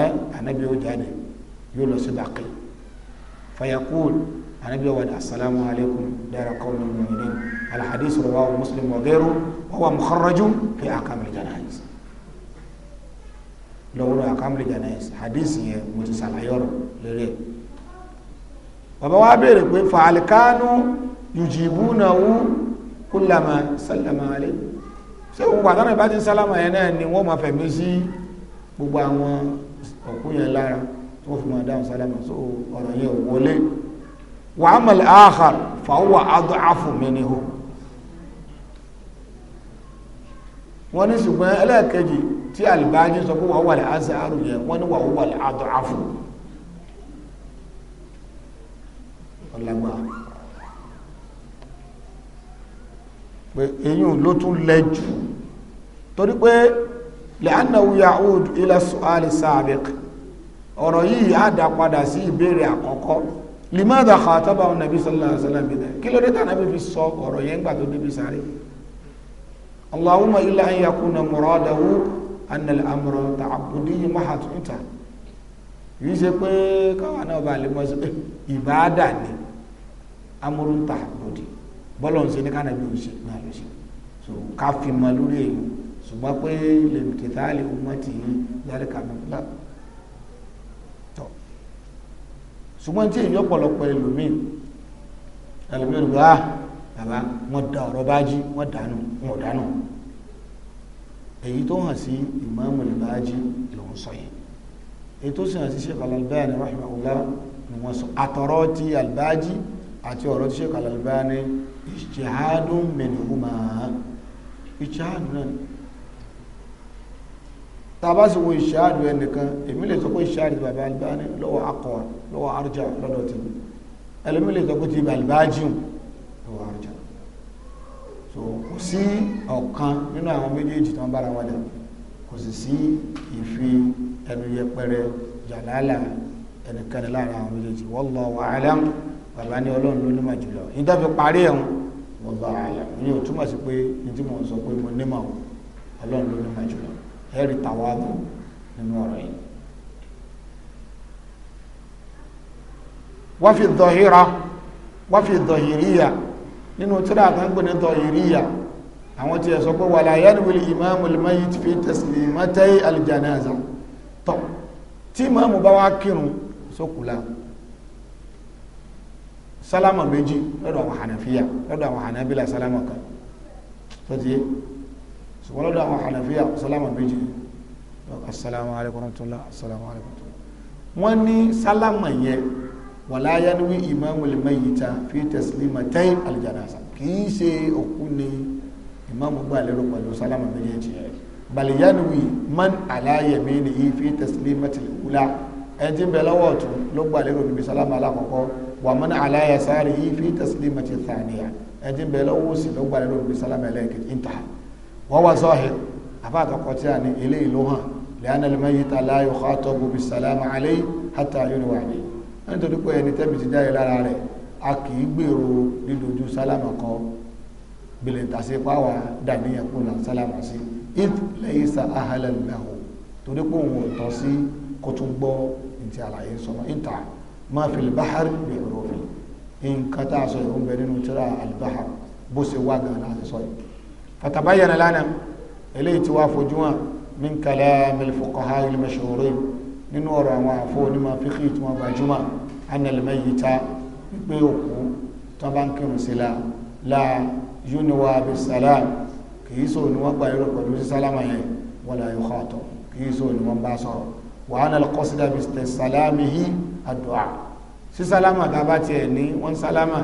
ẹ́ anábí ó jáde yóò lọ sí bàkì fayakul anábí ó wàdà assalamu alaikum dára kọ́ọ̀lù mọ̀mìnín alhadis rọwà muslim wa gairu wa wa mukharraju fi akamil janais lọ́wọ́rọ̀ akamil janais hadis yẹn mo ti sàlàyọ̀rọ̀ lórí ẹ̀ bàbá wa béèrè pé fàálìkánú yùjìbúnàwú kúlàmà sàlámà alẹ́ ṣé òun pàtàkì ìbá ti sálàmà yẹn náà ni wọ́n ma fẹ̀mí sí gbogbo àwọn òkú yẹn lára tó fi máa dáhùn sálàmà so ọ̀rọ̀ yẹn wọlé wà á mọ̀lẹ̀ áhàr fàáwà adọ́ àfùmí ni hù wọ́n ní ṣùgbọ́n ẹlẹ́ẹ̀kejì tí alìbájí sọ pé wà wà lẹ́ ọlágbára pé èyí ló tún lẹ́jù torí pé lẹ́ánàwó yahood ilẹ̀ sọ́hálì sáàbẹ̀k ọ̀rọ̀ yìí á dá padà sí ìbéèrè àkọ́kọ́ limada khataba nabi sallallahu alaihi wasallam bida kí ló dé ta nabi fi sọ ọ̀rọ̀ yẹn gbà tó débi sáré allahumma illa an yakuna muradahu anna al-amra ta'abbudi yìí ṣe pé káwa náà bá lè mọ̀ sí ni amúrú ta lòdì bọ́lọ̀ ń ṣe ní kánàbí ò ṣe náà yóò ṣe so ká fi mọ lórí èyí ṣùgbọ́n pé lèmtìtà lè wọ́n ti yára kàmí fúlà tọ̀ ṣùgbọ́n tí èyí ọ̀pọ̀lọpọ̀ ẹlòmíì ẹlòmíì rẹ̀ wá ah, bàbá wọn da ọ̀rọ̀ bá jí wọn dànù wọn ò dànù èyí tó hàn sí ìmáàmù lè bá lòún sọ yìí èyí tó sì hàn sí Sheikh Al-Albani rahimahullah ni wọ́n sọ àtọ̀rọ̀ ti al àti ọ̀rọ̀ tí Sheikh Al-Albani ijtihadun minhuma ijtihadu náà tàbá sì wo ijtihadu ẹnìkan èmi lè sọ pé ijtihadu bàbá Al-Albani lọ́wọ́ akọ lọ́wọ́ arjá lọ́dọ̀ tèmi ẹlẹ́mi lè sọ pé ti Al-Albani lọ́wọ́ arjá so kò sí ọ̀kan nínú àwọn méjèèjì tó ń bára wọn dà kò sì sí ìfi ẹnu yẹpẹrẹ jàlálà ẹnìkan láàrin àwọn méjèèjì wallahu a'lam bàbá ní ọlọ́run ló nímọ̀ jùlọ ní tó fi parí ẹ̀hún wọ́n bá ààlà ní o túmọ̀ sí pé ní tí mo sọ pé mo nímọ̀ o ọlọ́run ló nímọ̀ jùlọ ẹ̀rí tàwádù nínú ọ̀rọ̀ yìí. wọ́n fi dọ̀híra wọ́n fi dọ̀híríyà nínú tíra kan gbé ní dọ̀híríyà àwọn tí ẹ sọ pé wàlá yánwìl ìmáàmù lẹ́yìn ti fi tẹ̀sí mọ́tẹ́ aljanaza tọ̀ tí ìmáàmù bá wá kírun sókùlá so sálámà méjì lọ́dọ̀ àwọn hànàfíà lọ́dọ̀ àwọn hànàbílà sálámà kan tó ti yé ṣùgbọ́n lọ́dọ̀ àwọn hànàfíà sálámà méjì assalamu alaikum warahmatullah assalamu alaikum wọ́n ní sálámà yẹn wala yanwi imamul mayyita fi taslimatayn aljanaza kìí ṣe òkú ni ìmáàmù gbà lérò pẹ̀lú sálámà méjèèjì yẹn bal yanwi man ala yaminihi fi taslimatil ula ẹni tí ń bẹ lọ́wọ́ ọ̀tún ló gbà lérò níbi sálámà alákọ̀ọ́kọ́ wàmúnà aláyà sáré yìí fi taslimati thaniya ẹtí bẹ́ẹ̀ lọ́wọ́ sí ló gbàdé lórí bí sálámà ẹlẹ́ẹ̀kejì ń ta wọ́n wá sọ́ọ̀hìn afáàtọ̀kọ̀ tí a ní ilé ìlú hàn lẹ́yìn alẹ́ mẹ́yìí ta láyò kọ́tọ̀ bùbí sálámà alẹ́ hàtà yóò wà ní. wọ́n ti dúpọ̀ ẹni tẹ́bi ti jáde lára rẹ̀ a kì í gbèrò dídójú sálámà kan bìlẹ̀ tàṣe pàwà dàníyàn kún náà sálámà sí it lẹ́yìn sa ahalẹ̀ mẹ́hùn torí pé òun ò tọ́ sí kó tún gbọ́ ìtì àlàyé sọmọ ìta ma fi al-bahr bi hurufin nǹkan tá a sọ ìhun bẹ nínú tírà al-bahr bó ṣe wá gan láti sọ yìí fatabayyana lana eléyìí ti wá fojú hàn min kalam al-fuqaha al-mashhurin nínú ọ̀rọ̀ àwọn àfọ onímọ̀ fíkì tí wọ́n gbajúmọ̀ anna al-mayyita pípé òkú tó la la yúniwá salam kìí sọ ni wọ́n gba irú pẹ̀lú sí sálámà yẹn wala yukhatab kìí sọ ni wọ́n bá sọ̀rọ̀ wa anna al-qasda bi salamihi àdúà sí sálámà tá a bá tiẹ̀ ní wọ́n sálámà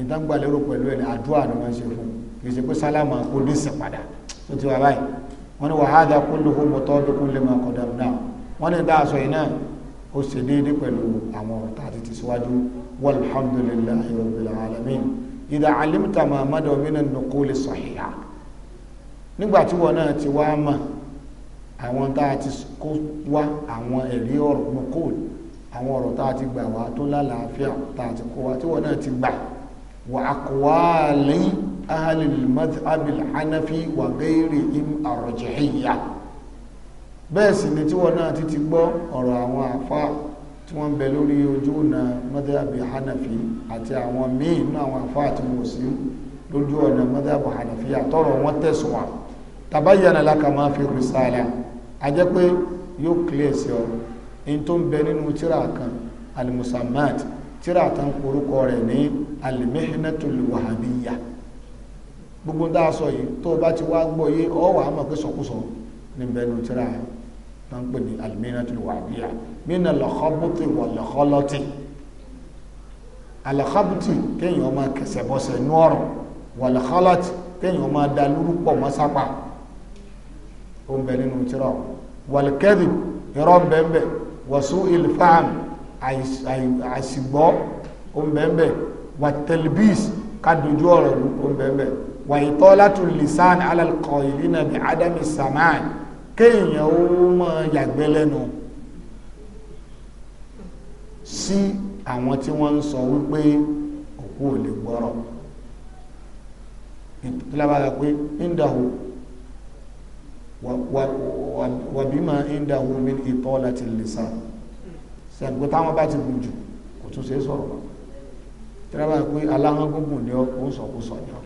ìdágbà lérò pẹ̀lú ẹ̀ àdúà ni wọ́n ṣe fún kì í ṣe pé sálámà kò dé sí padà tó ti wà báyìí wọ́n ní wàhálà kulluhu mutabiqun lima qaddamna wọ́n ní dáàsọ yìí náà ó ṣe déédéé pẹ̀lú àwọn ọ̀tá àti tìsíwájú walhamdulillahi rabbil àwọn ọ̀rọ̀ tá a ti gbà wá tó lálàáfíà tá a ti kó wá tí wọ́n náà ti gbà wà aqwali ahlil madhhabil hanafi wa ghayrihim arrajihiyya bẹ́ẹ̀ sì ni tí wọ́n náà ti ti gbọ́ ọ̀rọ̀ àwọn àfá tí wọ́n ń bẹ lórí ojú ọ̀nà madhhabi hanafi àti àwọn míì nínú àwọn àfá àti wọ́n sí lójú ọ̀nà madhhabi hanafi àtọ́rọ̀ wọn tẹ̀sùn wa tabayyana laka ma fi risala a jẹ́ pé yóò clear sí ọ̀rọ̀ in tó ń bẹ nínú tíra kan alimusamat tíra tán orúkọ rẹ̀ ní alimehinatul wahabiya gbogbo dáa sọ yìí tó o bá ti wá gbọ́ yé ọ wà á mọ̀ pé sọkúsọ ní bẹ nínú tíra tán pè ní mina lọ́kọ́bùtì wà lọ́kọ́lọ́tì alakabuti kéèyàn máa kẹsẹ̀ bọ́sẹ̀ nú ọ̀rọ̀ kéèyàn máa da lórúkọ mọ́sápá ó ń bẹ nínú tíra wà lọ́kẹ́rì irọ́ wọ̀sú ilfam àìsìgbọ́ ombẹ̀mbẹ̀ wà tẹlbís kàdójú ọ̀rọ̀ ombẹ̀mbẹ̀ wà ìtọ́látù lisan alalkọ̀ ìrìnà bí adami saman kéèyàn ó mọ́ yàgbẹ́ lẹ́nu sí àwọn tí wọ́n ń sọ wípé òkú ò lè gbọ́rọ̀ ìtọ́lábára pé ń wàbímà ìndà omi ìtọ́ láti lè sá ṣàgbé táwọn bá ti gùn jù kò tún ṣe sọ̀rọ̀ lọ tẹ́lẹ̀bá pé aláhán gúngùn ni ó ń sọ kó sọ ni ó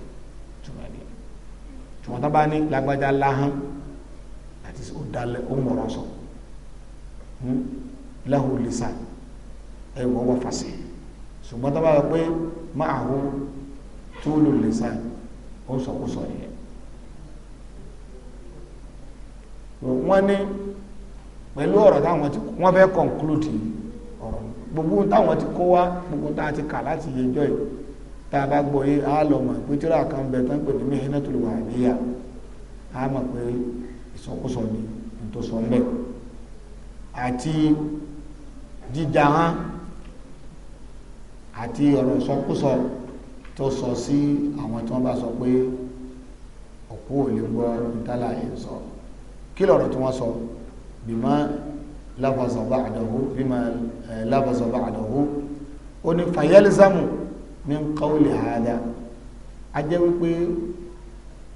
ṣùgbọ́n tó bá ní lágbájá láhán àti ó dalẹ̀ ó mọ̀rọ̀ sọ láhù lè sá ẹ wọ́n wọ́n fàṣẹ ṣùgbọ́n tó bá pé máa hù tó lò lè sá ó ń sọ kó sọ ni ẹ wọ́n ní pẹ̀lú ọ̀rọ̀ táwọn ti wọ́n fẹ́ conclude ọ̀rọ̀ gbogbo táwọn ti kó wá gbogbo tá a ti kà láti yẹjọ́ yìí tá a bá gbọ́ yé a lọ mọ̀ pé tíra kan bẹ tán pè ní Mihnatul Wahabiyya a mọ̀ pé ìsọkúsọ ni tó sọ mẹ́ àti jíjà hàn àti ọ̀rọ̀ ìsọkúsọ tó sọ sí àwọn tí wọ́n bá sọ pé òkú ò lè gbọ́ ìtàlàyé sọ̀rọ̀ kí lọ̀rọ̀ tí wọ́n sọ bímọ lábàzọ̀ bá àdàwó bímọ lábàzọ̀ bá àdàwó ó ní fàyẹ́lìzámù ní kọ́ọ̀lì àádá a jẹ́ wípé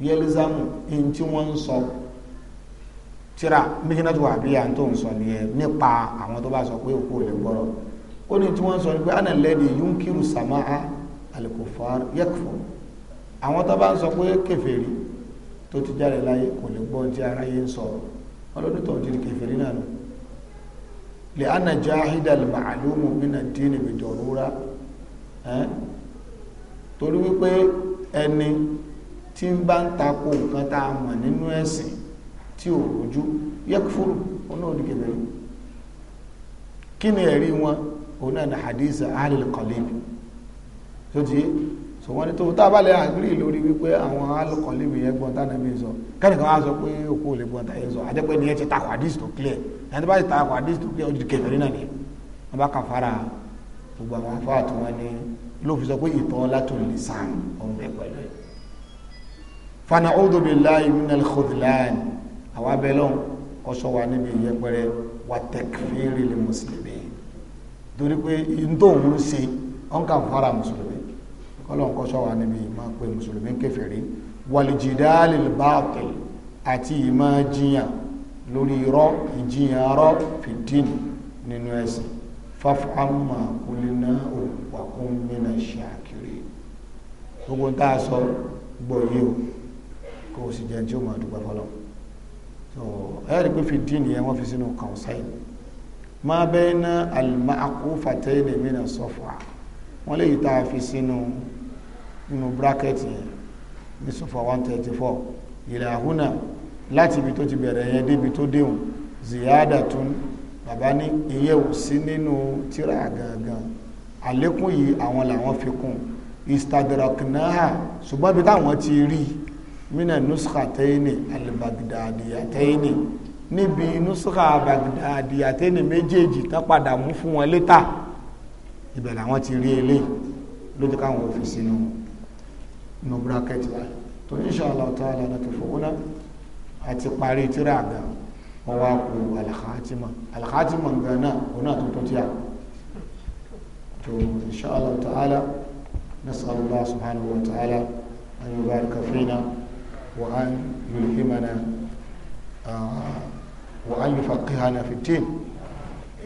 yẹ́lìzámù in tí wọ́n ń sọ tíra mísínà tó wà bí à ń tó ń sọ nìyẹn nípa àwọn tó bá sọ pé òkú ò lè gbọ́rọ̀ ó ní tí wọ́n sọ ní pé yunkiru samaa alikufar yẹkufọ àwọn tó bá ń pé kèfèrí tó ti jáde láyé kò lè gbọ́ tí aráyé ń sọ̀rọ̀ ọlọ́dún tó ti kèfèrí náà lè ana al-ma'lumu min ad-din bi darura torí wípé ẹni tí ń bá ń takò nǹkan tá a mọ̀ nínú ẹ̀sìn tí ò rújú yakfuru ọ̀nà òdì kí ni ẹ̀rí wọn òun so wọ́n ní tó tá a bá lè àgírí lórí wípé àwọn alùkọ̀lẹ́bì yẹn gbọ́n tá nàbí sọ kẹ́nìkan wá sọ pé òkú ò lè gbọ́n tá yẹn sọ àjẹpẹ́ ni yẹn ti takò àdìs tó clear ẹni tó bá ti takò àdìs tó clear ó di kẹfẹ́rí ni wọ́n bá kà fara gbogbo àwọn afọ àti wọn ni ló fi sọ pé ìtọ́ látò lè sàn ọ̀hún bẹ́ẹ̀ pẹ̀lú ẹ̀. fana ọdọ bíi láì minal khudlan àwa bẹ wa níbi ìyẹpẹrẹ wa tẹkfíìrì lè mùsùlùmí torí pé ntòun ń ṣe ọ̀nkà ọlọ́run kọ́ sọ́wọ́ níbi ìmọ̀ pé mùsùlùmí kèfèrí wàlìjìdáàlì báàtì àti ìmọ̀ jiyàn lórí irọ́ ìjiyàn arọ́ fìdín nínú ẹ̀sìn fáfáàmà kúlínà òwàkún mìíràn ṣàkiri gbogbo tá a sọ gbòye o kò sì jẹ́ tí ó máa dúpẹ́ fọlọ́ ẹ̀rí pé fìdín yẹn wọ́n fi sínú kàwọ́sáì máa bẹ́ẹ̀ ná àlùmáàkú fàtẹ́yìn mìíràn sọ́fà wọ́n lè yí tá a fi sínú nínú bírákẹ́tì yẹn ní sọfà 134 ìlà àhúnà láti ibi tó ti bẹ̀rẹ̀ yẹn débi tó déhùn ziyada tún bàbá ní iye ò sí nínú tíra gangan àlékún yìí àwọn làwọn fi kún istadraknaha ṣùgbọ́n bí táwọn ti rí mina nuskhatayni albagdadiyatayni níbi nuskha bagdadiyatayni méjèèjì tán padà mú fún wọn létà ibẹ̀ làwọn ti rí eléyìí lójú káwọn ò fi sínú wọn nù bírákẹ́tì wa tó insha Allah ta'ala nàkẹ́fọ́ wọn àti parí tíra àgbà wọn wá kú alhatima alhatima gánà wọn náà tuntun tíya tó insha Allah ta'ala نسأل الله سبحانه وتعالى أن يبارك فينا وأن يلهمنا وأن يفقهنا في الدين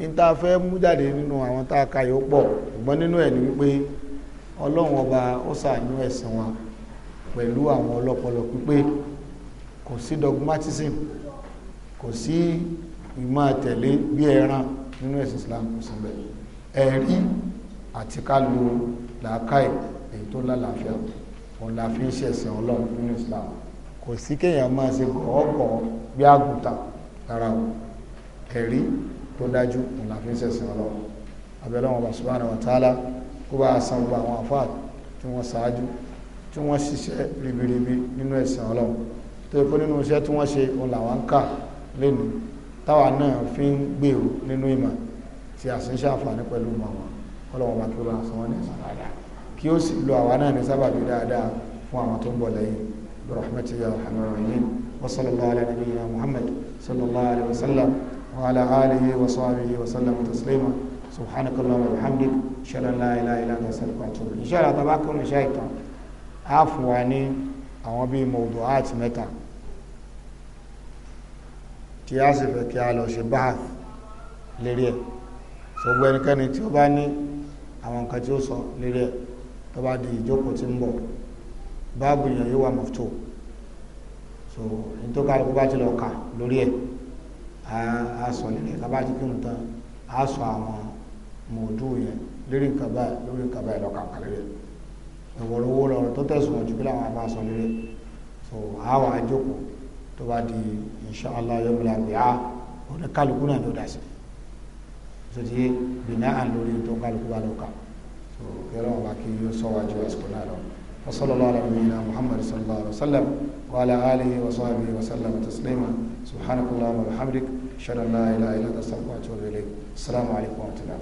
n ta fẹ́ mú jáde nínú àwọn tá ka yóò pọ̀ ṣùgbọ́n nínú ni wípé ọlọ́run ọba ó ṣàánú ẹ̀sìn wọn pẹ̀lú àwọn ọlọ́pọlọ pípé kò sí dogmatism kò sí ìmọ̀ àtẹ̀lé bí ẹran nínú ẹ̀sìn Islam kò sí bẹ́ẹ̀ ẹ̀rí àti ká lo làákàì èyí tó lálàáfíà òun la fi ọlọ́run nínú Islam kò sí kéèyàn máa ṣe gọ̀ọ́gọ̀ bí àgùntàn rárá o ẹ̀rí tó dájú òun la fi ọlọ́run abẹ́lẹ́wọ̀n bá subhanahu wa ta'ala kó bá san gbogbo àwọn àfáà tí wọ́n ṣáájú tí wọ́n ṣiṣẹ́ ribiribi nínú ẹ̀sìn ọlọ́run tó yẹ kó nínú iṣẹ́ tí wọ́n ṣe òun làwọn ń kà lẹ́nu táwa náà fi ń gbèrò nínú ìmọ̀ tí a sì ń ṣàǹfààní pẹ̀lú ìmọ̀ wọn ọlọ́run bá kí ó bá san wọn ní ẹ̀sìn kí ó sì lo àwa náà ní sábàbí dáadáa fún àwọn tó ń bọ̀ lẹ́yìn برحمتك يا ارحم الراحمين وصلى الله على نبينا محمد صلى الله عليه وسلم وعلى اله وصحبه وسلم تسليما سبحانك اللهم وبحمدك ṣẹlẹ̀lá ìlàìlà ìsẹ̀lẹ̀pàtó ìṣẹ́lẹ̀ àtàbákùn iṣẹ́ ìtàn á fún wa ní àwọn bíi mọ̀ọ́dọ̀ áàtì mẹ́ta tí a sì fẹ́ kí a lọ ṣe báàf lérí ẹ̀ ṣùgbọ́n ẹnikẹ́ni tí ó bá ní àwọn nǹkan tí ó di ìjókòó tí ń bọ̀ báàbù yẹn yóò wà mọ̀tò so ní tó kálukú bá ti lọ kà lórí ẹ̀ a sọ lérí ẹ̀ ti kí nǹkan a sọ àwọn mọ̀ọ́dọ̀ yẹn lórí nǹkan báyìí lórí nǹkan báyìí lọ́kàn kan lórí ẹ̀wọ̀n owó lọ́rọ̀ tó tẹ̀sùn ọ̀jù bí làwọn máa lórí so àwọn àjòkò tó bá di inṣàlá yọmọ làbí a òní kálukú náà ló dà sí so ti bìnà à lórí tó kálukú bá lọ́kàn so kẹrọ wọn bá kí yóò sọ wájú àsìkò náà lọ وصلى الله على نبينا محمد صلى الله عليه وسلم وعلى اله وصحبه وسلم تسليما سبحانك اللهم وبحمدك اشهد ان لا اله الا انت استغفرك واتوب اليك السلام عليكم ورحمه الله